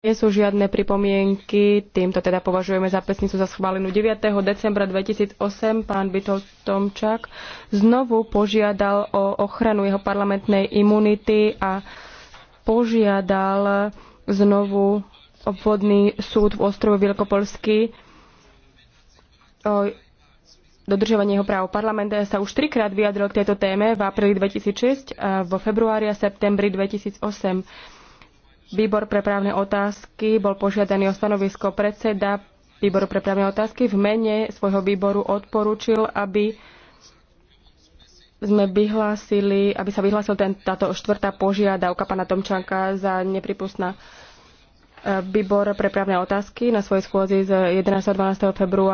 Nie sú žiadne pripomienky, týmto teda považujeme za pesnicu za schválenú. 9. decembra 2008 pán Bytol Tomčak znovu požiadal o ochranu jeho parlamentnej imunity a požiadal znovu obvodný súd v ostrove Vielkopolsky o dodržovanie jeho práv. Parlament sa už trikrát vyjadril k tejto téme v apríli 2006, a vo februári a septembri 2008. Výbor pre právne otázky bol požiadaný o stanovisko predseda Výboru pre právne otázky. V mene svojho výboru odporúčil, aby sme vyhlásili, aby sa vyhlásil ten, táto štvrtá požiadavka pana Tomčanka za nepripustná e, výbor pre právne otázky na svojej schôzi z 11. a 12. februára